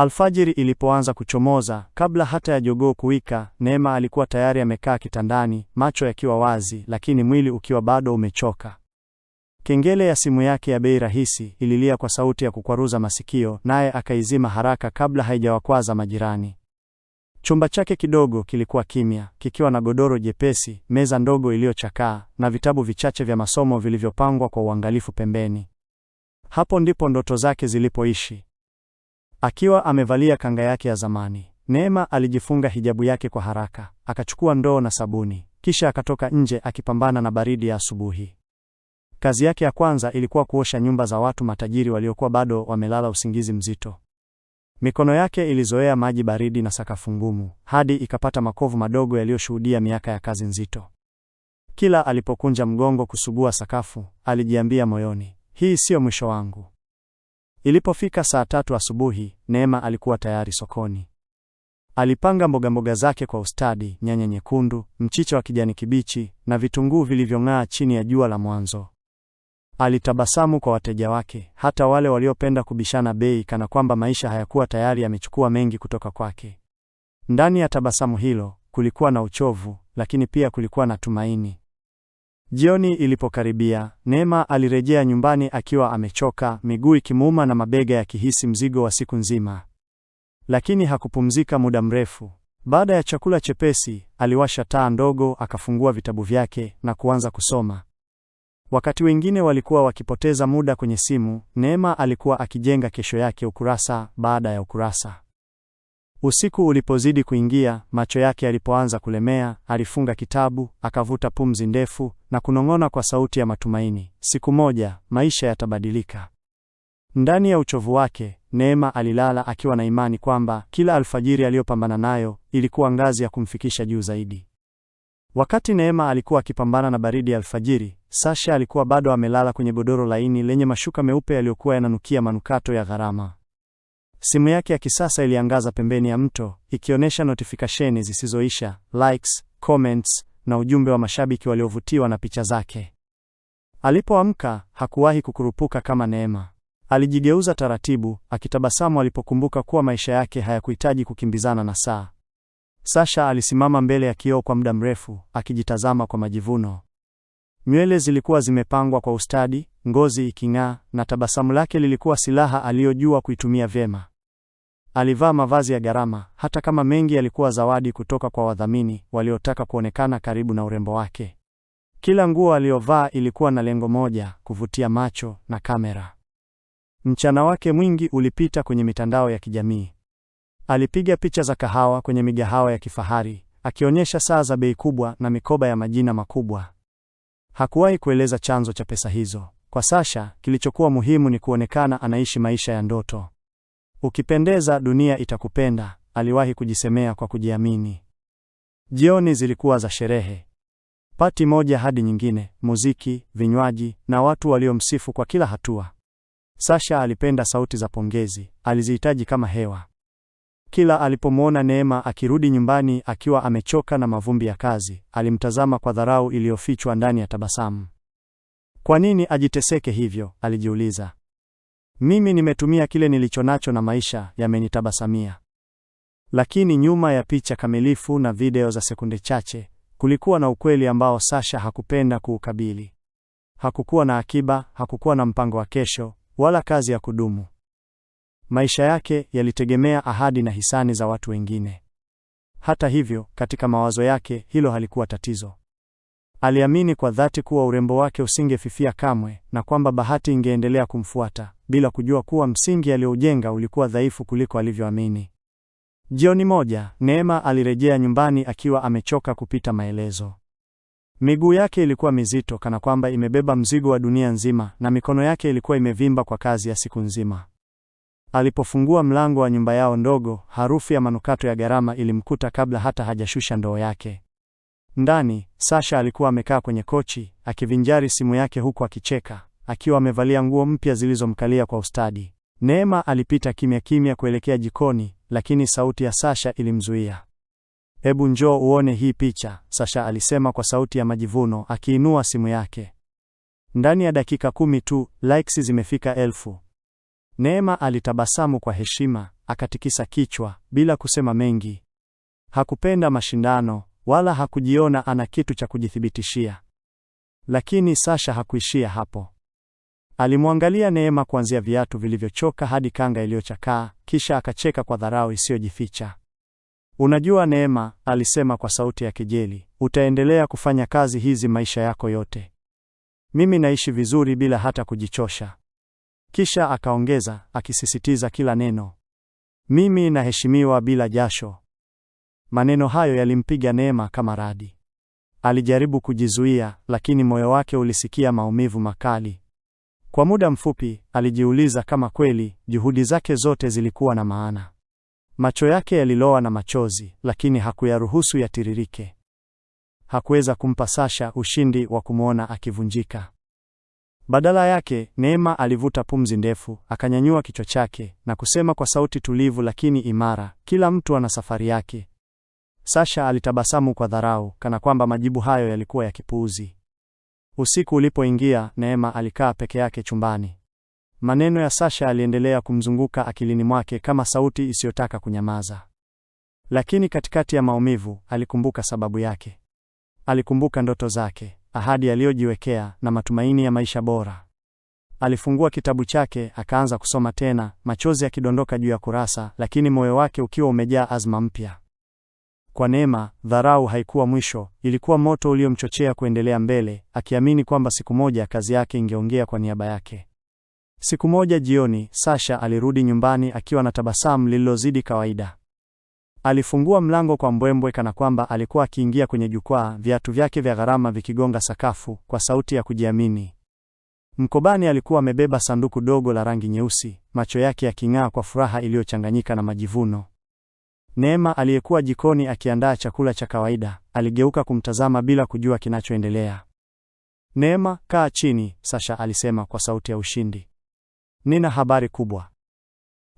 Alfajiri ilipoanza kuchomoza, kabla hata ya jogoo kuwika, Neema alikuwa tayari amekaa kitandani, macho yakiwa wazi, lakini mwili ukiwa bado umechoka. Kengele ya simu yake ya bei rahisi ililia kwa sauti ya kukwaruza masikio, naye akaizima haraka kabla haijawakwaza majirani. Chumba chake kidogo kilikuwa kimya, kikiwa na godoro jepesi, meza ndogo iliyochakaa na vitabu vichache vya masomo vilivyopangwa kwa uangalifu pembeni. Hapo ndipo ndoto zake zilipoishi. Akiwa amevalia kanga yake ya zamani, Neema alijifunga hijabu yake kwa haraka, akachukua ndoo na sabuni, kisha akatoka nje akipambana na baridi ya asubuhi. Kazi yake ya kwanza ilikuwa kuosha nyumba za watu matajiri waliokuwa bado wamelala usingizi mzito. Mikono yake ilizoea maji baridi na sakafu ngumu hadi ikapata makovu madogo yaliyoshuhudia miaka ya kazi nzito. Kila alipokunja mgongo kusugua sakafu, alijiambia moyoni, hii siyo mwisho wangu. Ilipofika saa tatu asubuhi, Neema alikuwa tayari sokoni. Alipanga mboga mboga zake kwa ustadi: nyanya nyekundu, mchicha wa kijani kibichi na vitunguu vilivyong'aa chini ya jua la mwanzo. Alitabasamu kwa wateja wake, hata wale waliopenda kubishana bei, kana kwamba maisha hayakuwa tayari yamechukua mengi kutoka kwake. Ndani ya tabasamu hilo kulikuwa na uchovu, lakini pia kulikuwa na tumaini. Jioni ilipokaribia, Neema alirejea nyumbani akiwa amechoka, miguu ikimuuma na mabega yakihisi mzigo wa siku nzima. Lakini hakupumzika muda mrefu. Baada ya chakula chepesi, aliwasha taa ndogo, akafungua vitabu vyake na kuanza kusoma. Wakati wengine walikuwa wakipoteza muda kwenye simu, Neema alikuwa akijenga kesho yake ukurasa baada ya ukurasa. Usiku ulipozidi kuingia, macho yake yalipoanza kulemea, alifunga kitabu, akavuta pumzi ndefu na kunong'ona kwa sauti ya matumaini, siku moja maisha yatabadilika. Ndani ya uchovu wake, Neema alilala akiwa na imani kwamba kila alfajiri aliyopambana nayo ilikuwa ngazi ya kumfikisha juu zaidi. Wakati Neema alikuwa akipambana na baridi ya alfajiri, Sasha alikuwa bado amelala kwenye godoro laini lenye mashuka meupe yaliyokuwa yananukia manukato ya gharama. Simu yake ya kisasa iliangaza pembeni ya mto, ikionyesha notifikasheni zisizoisha, likes, comments na ujumbe wa mashabiki waliovutiwa na picha zake. Alipoamka, hakuwahi kukurupuka kama Neema. Alijigeuza taratibu, akitabasamu alipokumbuka kuwa maisha yake hayakuhitaji kukimbizana na saa. Sasha alisimama mbele ya kioo kwa muda mrefu, akijitazama kwa majivuno. Nywele zilikuwa zimepangwa kwa ustadi, ngozi iking'aa, na tabasamu lake lilikuwa silaha aliyojua kuitumia vyema. Alivaa mavazi ya gharama, hata kama mengi yalikuwa zawadi kutoka kwa wadhamini waliotaka kuonekana karibu na urembo wake. Kila nguo aliyovaa ilikuwa na lengo moja, kuvutia macho na kamera. Mchana wake mwingi ulipita kwenye mitandao ya kijamii. Alipiga picha za kahawa kwenye migahawa ya kifahari, akionyesha saa za bei kubwa na mikoba ya majina makubwa. Hakuwahi kueleza chanzo cha pesa hizo. Kwa Sasha, kilichokuwa muhimu ni kuonekana anaishi maisha ya ndoto. Ukipendeza dunia itakupenda, aliwahi kujisemea kwa kujiamini. Jioni zilikuwa za sherehe. Pati moja hadi nyingine, muziki, vinywaji na watu waliomsifu kwa kila hatua. Sasha alipenda sauti za pongezi, alizihitaji kama hewa. Kila alipomwona Neema akirudi nyumbani akiwa amechoka na mavumbi ya kazi, alimtazama kwa dharau iliyofichwa ndani ya tabasamu. Kwa nini ajiteseke hivyo? alijiuliza. Mimi nimetumia kile nilicho nacho na maisha yamenitabasamia. Lakini nyuma ya picha kamilifu na video za sekunde chache, kulikuwa na ukweli ambao Sasha hakupenda kuukabili. Hakukuwa na akiba, hakukuwa na mpango wa kesho, wala kazi ya kudumu. Maisha yake yalitegemea ahadi na hisani za watu wengine. Hata hivyo, katika mawazo yake hilo halikuwa tatizo. Aliamini kwa dhati kuwa urembo wake usingefifia kamwe na kwamba bahati ingeendelea kumfuata bila kujua kuwa msingi aliyoujenga ulikuwa dhaifu kuliko alivyoamini. Jioni moja, Neema alirejea nyumbani akiwa amechoka kupita maelezo. Miguu yake ilikuwa mizito kana kwamba imebeba mzigo wa dunia nzima na mikono yake ilikuwa imevimba kwa kazi ya siku nzima. Alipofungua mlango wa nyumba yao ndogo, harufu ya manukato ya gharama ilimkuta kabla hata hajashusha ndoo yake. Ndani, Sasha alikuwa amekaa kwenye kochi, akivinjari simu yake huku akicheka akiwa amevalia nguo mpya zilizomkalia kwa ustadi. Neema alipita kimya kimya kuelekea jikoni, lakini sauti ya Sasha ilimzuia. Hebu njoo uone hii picha, Sasha alisema kwa sauti ya majivuno, akiinua simu yake. Ndani ya dakika kumi tu likes zimefika elfu. Neema alitabasamu kwa heshima, akatikisa kichwa bila kusema mengi. Hakupenda mashindano wala hakujiona ana kitu cha kujithibitishia. Lakini Sasha hakuishia hapo. Alimwangalia Neema kuanzia viatu vilivyochoka hadi kanga iliyochakaa, kisha akacheka kwa dharau isiyojificha. Unajua Neema, alisema kwa sauti ya kejeli, utaendelea kufanya kazi hizi maisha yako yote. Mimi naishi vizuri bila hata kujichosha. Kisha akaongeza, akisisitiza kila neno, mimi naheshimiwa bila jasho. Maneno hayo yalimpiga Neema kama radi. Alijaribu kujizuia, lakini moyo wake ulisikia maumivu makali. Kwa muda mfupi alijiuliza kama kweli juhudi zake zote zilikuwa na maana. Macho yake yaliloa na machozi, lakini hakuyaruhusu yatiririke. Hakuweza kumpa Sasha ushindi wa kumwona akivunjika. Badala yake, Neema alivuta pumzi ndefu, akanyanyua kichwa chake na kusema kwa sauti tulivu lakini imara, kila mtu ana safari yake. Sasha alitabasamu kwa dharau, kana kwamba majibu hayo yalikuwa ya kipuuzi. Usiku ulipoingia, Neema alikaa peke yake chumbani. Maneno ya Sasha aliendelea kumzunguka akilini mwake kama sauti isiyotaka kunyamaza. Lakini katikati ya maumivu, alikumbuka sababu yake. Alikumbuka ndoto zake, ahadi aliyojiwekea na matumaini ya maisha bora. Alifungua kitabu chake, akaanza kusoma tena, machozi yakidondoka juu ya kurasa, lakini moyo wake ukiwa umejaa azma mpya. Kwa Neema, dharau haikuwa mwisho, ilikuwa moto uliomchochea kuendelea mbele, akiamini kwamba siku moja kazi yake ingeongea kwa niaba yake. Siku moja jioni, Sasha alirudi nyumbani akiwa na tabasamu lililozidi kawaida. Alifungua mlango kwa mbwembwe kana kwamba alikuwa akiingia kwenye jukwaa, viatu vyake vya gharama vikigonga sakafu kwa sauti ya kujiamini. Mkobani alikuwa amebeba sanduku dogo la rangi nyeusi, macho yake yaking'aa kwa furaha iliyochanganyika na majivuno. Neema aliyekuwa jikoni akiandaa chakula cha kawaida aligeuka kumtazama bila kujua kinachoendelea. Neema, kaa chini, Sasha alisema kwa sauti ya ushindi. Nina habari kubwa.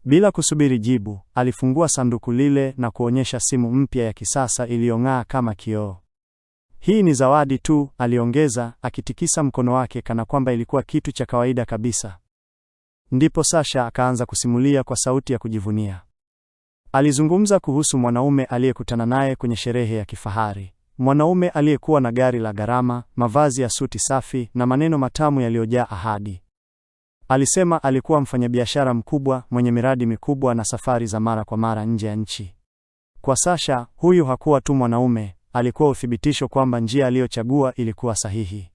Bila kusubiri jibu, alifungua sanduku lile na kuonyesha simu mpya ya kisasa iliyong'aa kama kioo. Hii ni zawadi tu, aliongeza akitikisa mkono wake kana kwamba ilikuwa kitu cha kawaida kabisa. Ndipo Sasha akaanza kusimulia kwa sauti ya kujivunia. Alizungumza kuhusu mwanaume aliyekutana naye kwenye sherehe ya kifahari, mwanaume aliyekuwa na gari la gharama, mavazi ya suti safi na maneno matamu yaliyojaa ahadi. Alisema alikuwa mfanyabiashara mkubwa mwenye miradi mikubwa na safari za mara kwa mara nje ya nchi. Kwa Sasha, huyu hakuwa tu mwanaume, alikuwa uthibitisho kwamba njia aliyochagua ilikuwa sahihi.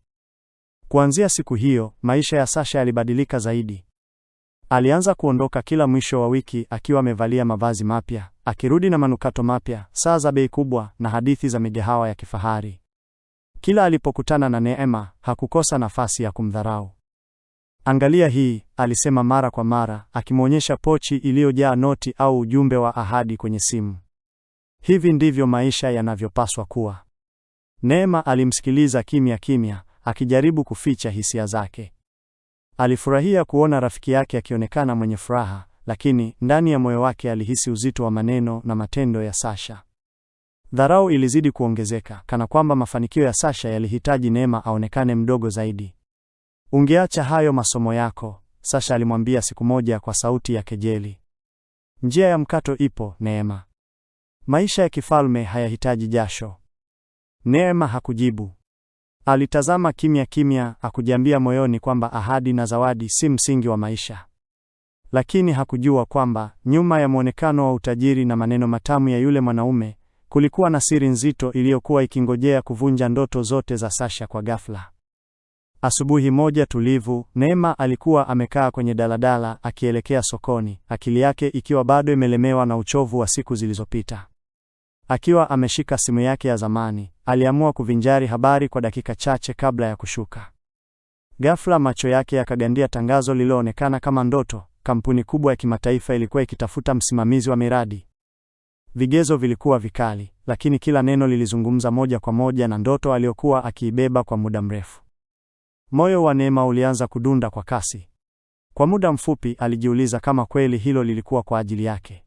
Kuanzia siku hiyo, maisha ya Sasha yalibadilika zaidi. Alianza kuondoka kila mwisho wa wiki akiwa amevalia mavazi mapya, akirudi na manukato mapya, saa za bei kubwa na hadithi za migahawa ya kifahari. Kila alipokutana na Neema, hakukosa nafasi ya kumdharau. Angalia hii, alisema mara kwa mara, akimwonyesha pochi iliyojaa noti au ujumbe wa ahadi kwenye simu. Hivi ndivyo maisha yanavyopaswa kuwa. Neema alimsikiliza kimya kimya, akijaribu kuficha hisia zake. Alifurahia kuona rafiki yake akionekana mwenye furaha, lakini ndani ya moyo wake alihisi uzito wa maneno na matendo ya Sasha. Dharau ilizidi kuongezeka, kana kwamba mafanikio ya Sasha yalihitaji Neema aonekane mdogo zaidi. Ungeacha hayo masomo yako, Sasha alimwambia siku moja kwa sauti ya kejeli. Njia ya mkato ipo, Neema. Maisha ya kifalme hayahitaji jasho. Neema hakujibu. Alitazama kimya kimya, akujiambia moyoni kwamba ahadi na zawadi si msingi wa maisha. Lakini hakujua kwamba nyuma ya mwonekano wa utajiri na maneno matamu ya yule mwanaume kulikuwa na siri nzito iliyokuwa ikingojea kuvunja ndoto zote za Sasha kwa ghafla. Asubuhi moja tulivu, Neema alikuwa amekaa kwenye daladala akielekea sokoni, akili yake ikiwa bado imelemewa na uchovu wa siku zilizopita. Akiwa ameshika simu yake ya zamani, aliamua kuvinjari habari kwa dakika chache kabla ya kushuka. Ghafla macho yake yakagandia tangazo lililoonekana kama ndoto. Kampuni kubwa ya kimataifa ilikuwa ikitafuta msimamizi wa miradi. Vigezo vilikuwa vikali, lakini kila neno lilizungumza moja kwa moja na ndoto aliyokuwa akiibeba kwa muda mrefu. Moyo wa Neema ulianza kudunda kwa kasi. Kwa muda mfupi alijiuliza kama kweli hilo lilikuwa kwa ajili yake.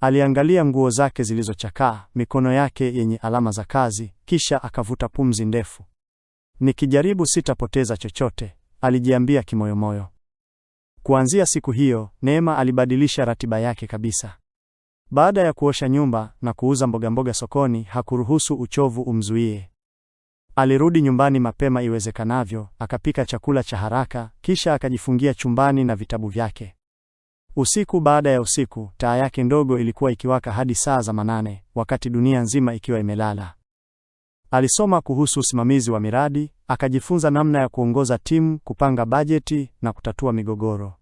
Aliangalia nguo zake zilizochakaa, mikono yake yenye alama za kazi, kisha akavuta pumzi ndefu. Nikijaribu sitapoteza chochote, alijiambia kimoyomoyo. Kuanzia siku hiyo, Neema alibadilisha ratiba yake kabisa. Baada ya kuosha nyumba na kuuza mbogamboga sokoni, hakuruhusu uchovu umzuie. Alirudi nyumbani mapema iwezekanavyo, akapika chakula cha haraka, kisha akajifungia chumbani na vitabu vyake. Usiku baada ya usiku, taa yake ndogo ilikuwa ikiwaka hadi saa za manane, wakati dunia nzima ikiwa imelala. Alisoma kuhusu usimamizi wa miradi, akajifunza namna ya kuongoza timu, kupanga bajeti na kutatua migogoro.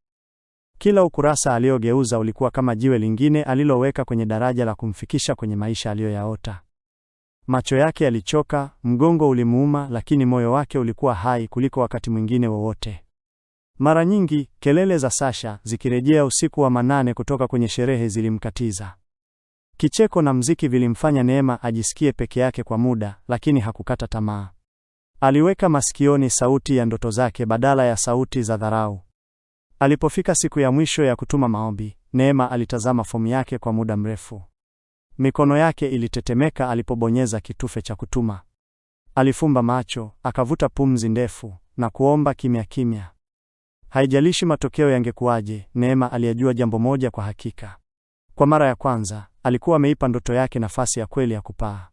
Kila ukurasa aliogeuza ulikuwa kama jiwe lingine aliloweka kwenye daraja la kumfikisha kwenye maisha aliyoyaota. Macho yake yalichoka, mgongo ulimuuma, lakini moyo wake ulikuwa hai kuliko wakati mwingine wowote. Mara nyingi kelele za Sasha zikirejea usiku wa manane kutoka kwenye sherehe zilimkatiza. Kicheko na mziki vilimfanya Neema ajisikie peke yake kwa muda, lakini hakukata tamaa. Aliweka masikioni sauti ya ndoto zake badala ya sauti za dharau. Alipofika siku ya mwisho ya kutuma maombi, Neema alitazama fomu yake kwa muda mrefu. Mikono yake ilitetemeka alipobonyeza kitufe cha kutuma. Alifumba macho, akavuta pumzi ndefu na kuomba kimya kimya. Haijalishi matokeo yangekuwaje, Neema aliyajua jambo moja kwa hakika. Kwa mara ya kwanza, alikuwa ameipa ndoto yake nafasi ya kweli ya kupaa.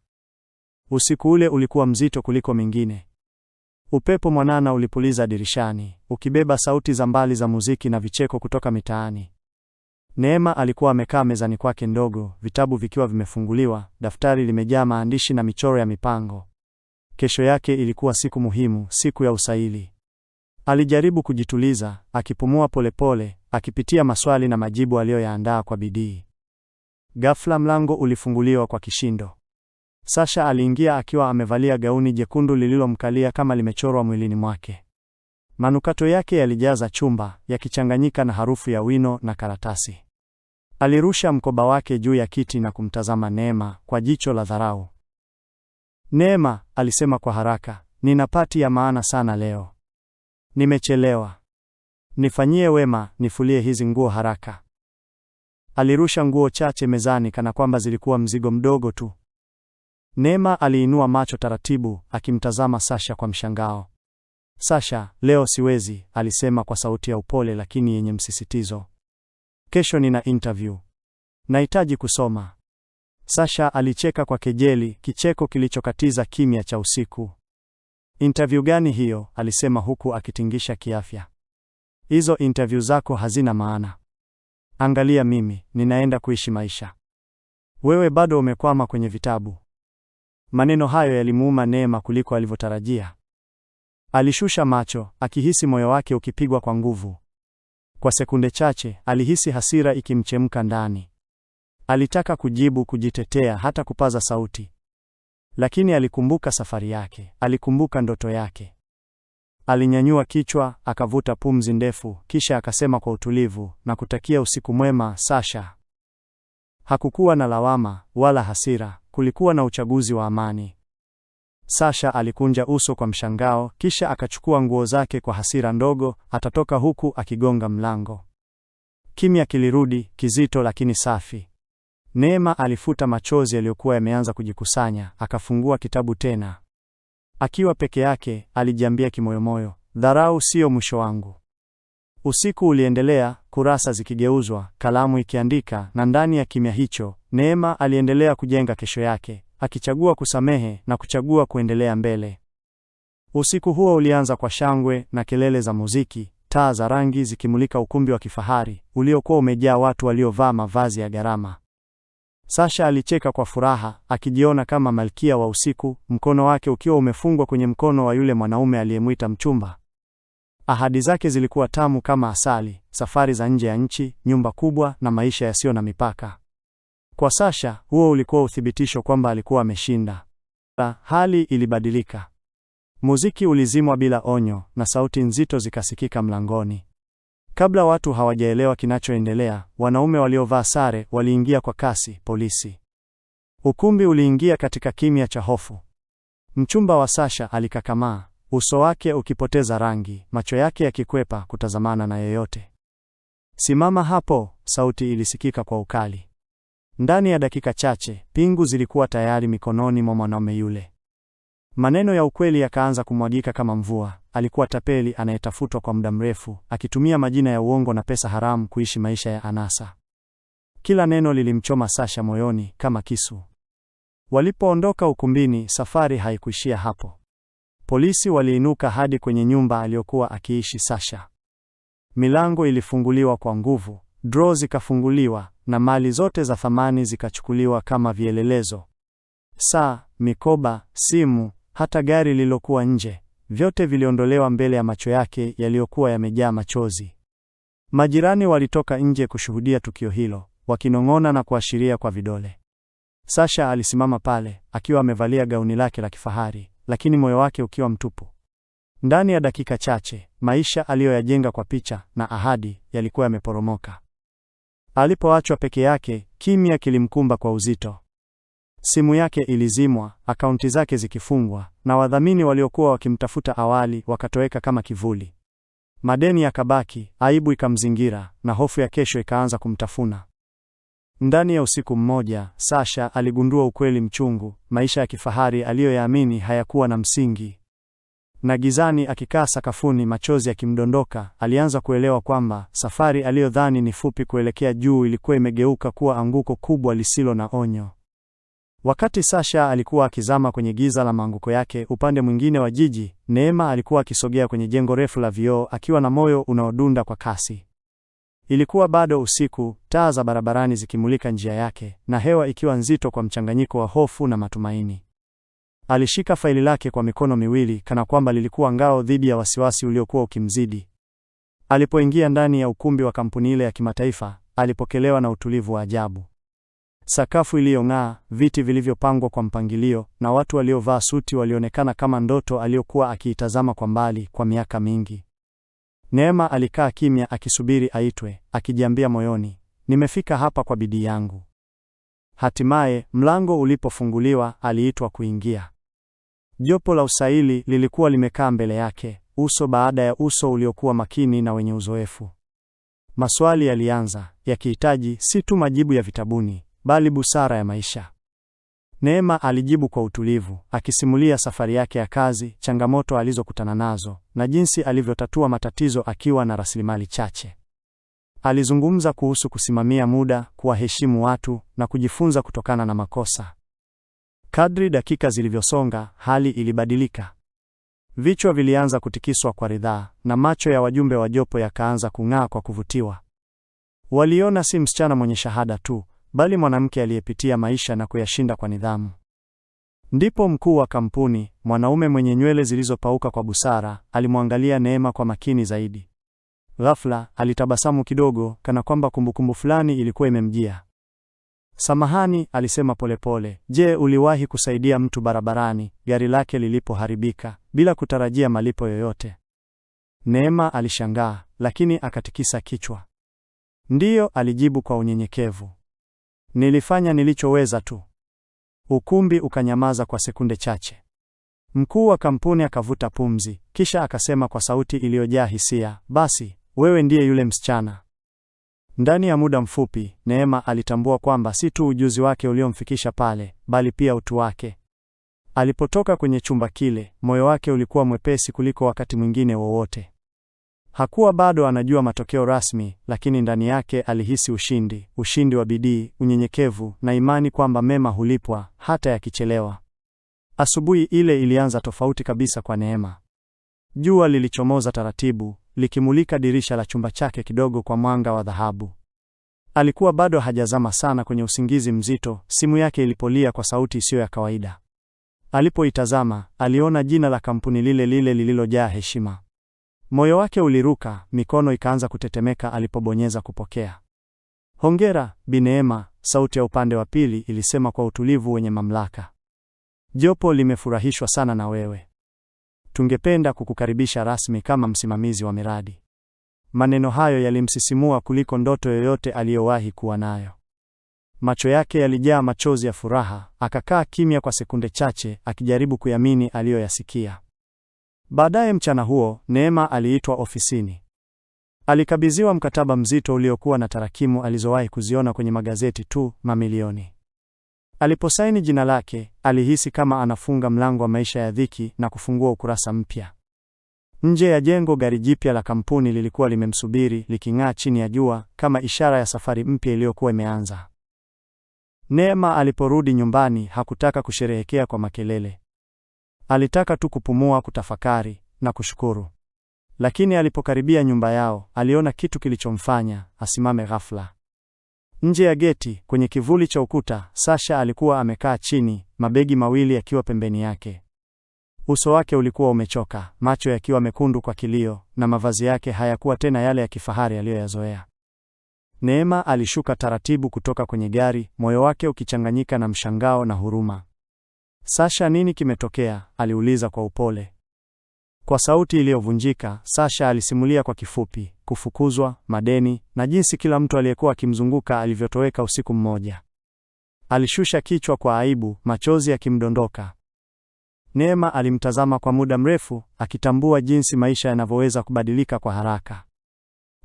Usiku ule ulikuwa mzito kuliko mingine. Upepo mwanana ulipuliza dirishani, ukibeba sauti za mbali za muziki na vicheko kutoka mitaani. Neema alikuwa amekaa mezani kwake ndogo, vitabu vikiwa vimefunguliwa, daftari limejaa maandishi na michoro ya mipango. Kesho yake ilikuwa siku muhimu, siku ya usaili. Alijaribu kujituliza, akipumua polepole akipitia maswali na majibu aliyoyaandaa kwa bidii. Ghafla mlango ulifunguliwa kwa kishindo. Sasha aliingia akiwa amevalia gauni jekundu lililomkalia kama limechorwa mwilini mwake. Manukato yake yalijaza chumba, yakichanganyika na harufu ya wino na karatasi. Alirusha mkoba wake juu ya kiti na kumtazama Neema kwa jicho la dharau. Neema, alisema kwa haraka, nina pati ya maana sana leo. Nimechelewa. Nifanyie wema, nifulie hizi nguo haraka. Alirusha nguo chache mezani kana kwamba zilikuwa mzigo mdogo tu. Neema aliinua macho taratibu, akimtazama Sasha kwa mshangao. Sasha, leo siwezi, alisema kwa sauti ya upole lakini yenye msisitizo. Kesho nina interview. Nahitaji kusoma. Sasha alicheka kwa kejeli, kicheko kilichokatiza kimya cha usiku. Interview gani hiyo? alisema huku akitingisha kiafya. Hizo interview zako hazina maana. Angalia mimi, ninaenda kuishi maisha. Wewe bado umekwama kwenye vitabu. Maneno hayo yalimuuma Neema kuliko alivyotarajia. Alishusha macho, akihisi moyo wake ukipigwa kwa nguvu. Kwa sekunde chache, alihisi hasira ikimchemka ndani. Alitaka kujibu, kujitetea, hata kupaza sauti, lakini alikumbuka safari yake, alikumbuka ndoto yake. Alinyanyua kichwa, akavuta pumzi ndefu, kisha akasema kwa utulivu na kutakia usiku mwema, Sasha. Hakukuwa na lawama wala hasira, kulikuwa na uchaguzi wa amani. Sasha alikunja uso kwa mshangao, kisha akachukua nguo zake kwa hasira ndogo, atatoka huku akigonga mlango. Kimya kilirudi, kizito lakini safi. Neema alifuta machozi yaliyokuwa yameanza kujikusanya, akafungua kitabu tena. Akiwa peke yake, alijiambia kimoyomoyo, dharau siyo mwisho wangu. Usiku uliendelea, kurasa zikigeuzwa, kalamu ikiandika, na ndani ya kimya hicho, Neema aliendelea kujenga kesho yake, akichagua kusamehe na kuchagua kuendelea mbele. Usiku huo ulianza kwa shangwe na kelele za muziki, taa za rangi zikimulika ukumbi wa kifahari uliokuwa umejaa watu waliovaa mavazi ya gharama. Sasha alicheka kwa furaha, akijiona kama malkia wa usiku, mkono wake ukiwa umefungwa kwenye mkono wa yule mwanaume aliyemwita mchumba. Ahadi zake zilikuwa tamu kama asali, safari za nje ya nchi, nyumba kubwa na maisha yasiyo na mipaka. Kwa Sasha, huo ulikuwa uthibitisho kwamba alikuwa ameshinda. Hali ilibadilika. Muziki ulizimwa bila onyo na sauti nzito zikasikika mlangoni. Kabla watu hawajaelewa kinachoendelea, wanaume waliovaa sare waliingia kwa kasi polisi. Ukumbi uliingia katika kimya cha hofu. Mchumba wa Sasha alikakamaa, uso wake ukipoteza rangi, macho yake yakikwepa kutazamana na yeyote. Simama hapo, sauti ilisikika kwa ukali. Ndani ya dakika chache, pingu zilikuwa tayari mikononi mwa mwanaume yule. Maneno ya ukweli yakaanza kumwagika kama mvua. Alikuwa tapeli anayetafutwa kwa muda mrefu, akitumia majina ya uongo na pesa haramu kuishi maisha ya anasa. Kila neno lilimchoma Sasha moyoni kama kisu. Walipoondoka ukumbini, safari haikuishia hapo. Polisi waliinuka hadi kwenye nyumba aliyokuwa akiishi Sasha. Milango ilifunguliwa kwa nguvu, droo zikafunguliwa na mali zote za thamani zikachukuliwa kama vielelezo: saa, mikoba, simu hata gari lililokuwa nje, vyote viliondolewa mbele ya macho yake yaliyokuwa yamejaa machozi. Majirani walitoka nje kushuhudia tukio hilo, wakinong'ona na kuashiria kwa vidole. Sasha alisimama pale akiwa amevalia gauni lake la kifahari, lakini moyo wake ukiwa mtupu. Ndani ya dakika chache, maisha aliyoyajenga kwa picha na ahadi yalikuwa yameporomoka. Alipoachwa peke yake, kimya kilimkumba kwa uzito. Simu yake ilizimwa, akaunti zake zikifungwa, na wadhamini waliokuwa wakimtafuta awali wakatoweka kama kivuli. Madeni yakabaki, aibu ikamzingira, na hofu ya kesho ikaanza kumtafuna. Ndani ya usiku mmoja, Sasha aligundua ukweli mchungu: maisha ya kifahari aliyoyaamini hayakuwa na msingi. Na gizani, akikaa sakafuni, machozi yakimdondoka, alianza kuelewa kwamba safari aliyodhani ni fupi kuelekea juu ilikuwa imegeuka kuwa anguko kubwa lisilo na onyo. Wakati Sasha alikuwa akizama kwenye giza la maanguko yake upande mwingine wa jiji, Neema alikuwa akisogea kwenye jengo refu la vioo akiwa na moyo unaodunda kwa kasi. Ilikuwa bado usiku, taa za barabarani zikimulika njia yake na hewa ikiwa nzito kwa mchanganyiko wa hofu na matumaini. Alishika faili lake kwa mikono miwili kana kwamba lilikuwa ngao dhidi ya wasiwasi uliokuwa ukimzidi. Alipoingia ndani ya ukumbi wa kampuni ile ya kimataifa, alipokelewa na utulivu wa ajabu. Sakafu iliyong'aa, viti vilivyopangwa kwa mpangilio na watu waliovaa suti walionekana kama ndoto aliyokuwa akiitazama kwa mbali kwa miaka mingi. Neema alikaa kimya akisubiri aitwe, akijiambia moyoni, nimefika hapa kwa bidii yangu. Hatimaye mlango ulipofunguliwa, aliitwa kuingia. Jopo la usaili lilikuwa limekaa mbele yake, uso baada ya uso uliokuwa makini na wenye uzoefu. Maswali yalianza yakihitaji si tu majibu ya vitabuni, bali busara ya maisha. Neema alijibu kwa utulivu, akisimulia safari yake ya kazi, changamoto alizokutana nazo na jinsi alivyotatua matatizo akiwa na rasilimali chache. Alizungumza kuhusu kusimamia muda, kuwaheshimu watu na kujifunza kutokana na makosa. Kadri dakika zilivyosonga, hali ilibadilika. Vichwa vilianza kutikiswa kwa ridhaa na macho ya wajumbe wa jopo yakaanza kung'aa kwa kuvutiwa. Waliona si msichana mwenye shahada tu, bali mwanamke aliyepitia maisha na kuyashinda kwa nidhamu. Ndipo mkuu wa kampuni, mwanaume mwenye nywele zilizopauka kwa busara, alimwangalia Neema kwa makini zaidi. Ghafla alitabasamu kidogo, kana kwamba kumbukumbu fulani ilikuwa imemjia. Samahani, alisema polepole, je, uliwahi kusaidia mtu barabarani, gari lake lilipoharibika, bila kutarajia malipo yoyote? Neema alishangaa, lakini akatikisa kichwa. Ndiyo, alijibu kwa unyenyekevu. Nilifanya nilichoweza tu. Ukumbi ukanyamaza kwa sekunde chache. Mkuu wa kampuni akavuta pumzi, kisha akasema kwa sauti iliyojaa hisia, basi wewe ndiye yule msichana. Ndani ya muda mfupi, Neema alitambua kwamba si tu ujuzi wake uliomfikisha pale, bali pia utu wake. Alipotoka kwenye chumba kile, moyo wake ulikuwa mwepesi kuliko wakati mwingine wowote. Hakuwa bado anajua matokeo rasmi, lakini ndani yake alihisi ushindi, ushindi wa bidii, unyenyekevu na imani kwamba mema hulipwa hata yakichelewa. Asubuhi ile ilianza tofauti kabisa kwa Neema. Jua lilichomoza taratibu, likimulika dirisha la chumba chake kidogo kwa mwanga wa dhahabu. Alikuwa bado hajazama sana kwenye usingizi mzito, simu yake ilipolia kwa sauti isiyo ya kawaida. Alipoitazama, aliona jina la kampuni lile lile lililojaa heshima. Moyo wake uliruka, mikono ikaanza kutetemeka alipobonyeza kupokea. Hongera Bi Neema, sauti ya upande wa pili ilisema kwa utulivu wenye mamlaka. Jopo limefurahishwa sana na wewe. Tungependa kukukaribisha rasmi kama msimamizi wa miradi. Maneno hayo yalimsisimua kuliko ndoto yoyote aliyowahi kuwa nayo. Macho yake yalijaa machozi ya furaha, akakaa kimya kwa sekunde chache akijaribu kuyamini aliyoyasikia. Baadaye mchana huo, Neema aliitwa ofisini. Alikabidhiwa mkataba mzito uliokuwa na tarakimu alizowahi kuziona kwenye magazeti tu, mamilioni. Aliposaini jina lake, alihisi kama anafunga mlango wa maisha ya dhiki na kufungua ukurasa mpya. Nje ya jengo, gari jipya la kampuni lilikuwa limemsubiri liking'aa chini ya jua kama ishara ya safari mpya iliyokuwa imeanza. Neema aliporudi nyumbani hakutaka kusherehekea kwa makelele. Alitaka tu kupumua, kutafakari na kushukuru. Lakini alipokaribia nyumba yao, aliona kitu kilichomfanya asimame ghafla. Nje ya geti, kwenye kivuli cha ukuta, Sasha alikuwa amekaa chini, mabegi mawili yakiwa pembeni yake. Uso wake ulikuwa umechoka, macho yakiwa mekundu kwa kilio, na mavazi yake hayakuwa tena yale ya kifahari aliyoyazoea. Neema alishuka taratibu kutoka kwenye gari, moyo wake ukichanganyika na mshangao na huruma. Sasha, nini kimetokea? aliuliza kwa upole. Kwa sauti iliyovunjika, Sasha alisimulia kwa kifupi, kufukuzwa, madeni na jinsi kila mtu aliyekuwa akimzunguka alivyotoweka usiku mmoja. Alishusha kichwa kwa aibu, machozi yakimdondoka. Neema alimtazama kwa muda mrefu, akitambua jinsi maisha yanavyoweza kubadilika kwa haraka.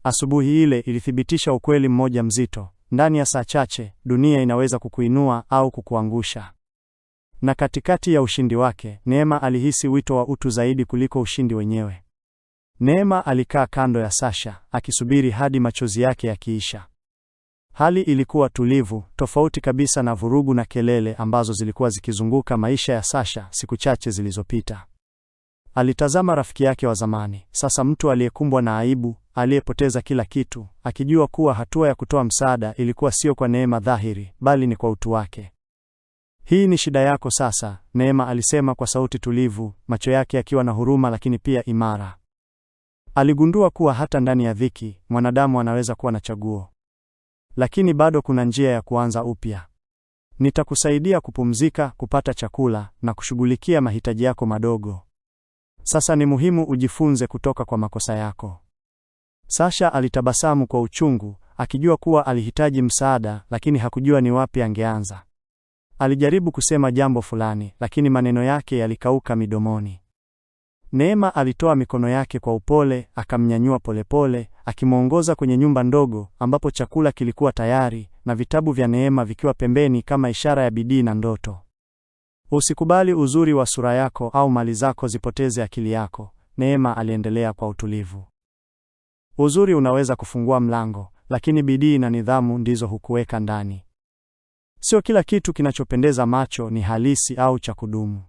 Asubuhi ile ilithibitisha ukweli mmoja mzito: ndani ya saa chache dunia inaweza kukuinua au kukuangusha. Na katikati ya ushindi wake, Neema alihisi wito wa utu zaidi kuliko ushindi wenyewe. Neema alikaa kando ya Sasha, akisubiri hadi machozi yake yakiisha. Hali ilikuwa tulivu, tofauti kabisa na vurugu na kelele ambazo zilikuwa zikizunguka maisha ya Sasha siku chache zilizopita. Alitazama rafiki yake wa zamani, sasa mtu aliyekumbwa na aibu, aliyepoteza kila kitu, akijua kuwa hatua ya kutoa msaada ilikuwa sio kwa neema dhahiri, bali ni kwa utu wake. Hii ni shida yako sasa, Neema alisema kwa sauti tulivu, macho yake yakiwa na huruma lakini pia imara. Aligundua kuwa hata ndani ya dhiki, mwanadamu anaweza kuwa na chaguo. Lakini bado kuna njia ya kuanza upya. Nitakusaidia kupumzika, kupata chakula na kushughulikia mahitaji yako madogo. Sasa ni muhimu ujifunze kutoka kwa makosa yako. Sasha alitabasamu kwa uchungu, akijua kuwa alihitaji msaada, lakini hakujua ni wapi angeanza. Alijaribu kusema jambo fulani, lakini maneno yake yalikauka midomoni. Neema alitoa mikono yake kwa upole, akamnyanyua polepole, akimwongoza kwenye nyumba ndogo ambapo chakula kilikuwa tayari na vitabu vya Neema vikiwa pembeni kama ishara ya bidii na ndoto. Usikubali uzuri wa sura yako au mali zako zipoteze akili yako, Neema aliendelea kwa utulivu. Uzuri unaweza kufungua mlango, lakini bidii na nidhamu ndizo hukuweka ndani. Sio kila kitu kinachopendeza macho ni halisi au cha kudumu.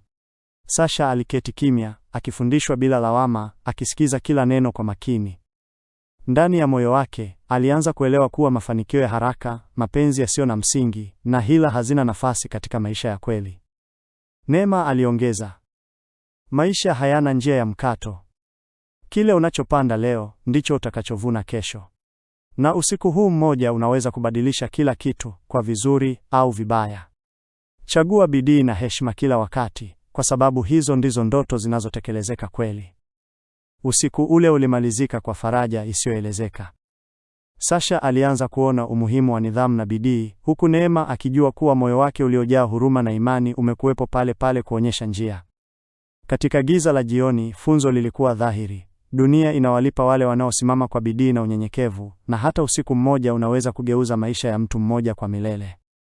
Sasha aliketi kimya, akifundishwa bila lawama, akisikiza kila neno kwa makini. Ndani ya moyo wake alianza kuelewa kuwa mafanikio ya haraka, mapenzi yasiyo na msingi na hila hazina nafasi katika maisha ya kweli. Neema aliongeza, maisha hayana njia ya mkato. Kile unachopanda leo ndicho utakachovuna kesho. Na usiku huu mmoja unaweza kubadilisha kila kitu, kwa vizuri au vibaya. Chagua bidii na heshima kila wakati, kwa sababu hizo ndizo ndoto zinazotekelezeka kweli. Usiku ule ulimalizika kwa faraja isiyoelezeka. Sasha alianza kuona umuhimu wa nidhamu na bidii, huku Neema akijua kuwa moyo wake uliojaa huruma na imani umekuwepo pale pale kuonyesha njia. Katika giza la jioni, funzo lilikuwa dhahiri. Dunia inawalipa wale wanaosimama kwa bidii na unyenyekevu, na hata usiku mmoja unaweza kugeuza maisha ya mtu mmoja kwa milele.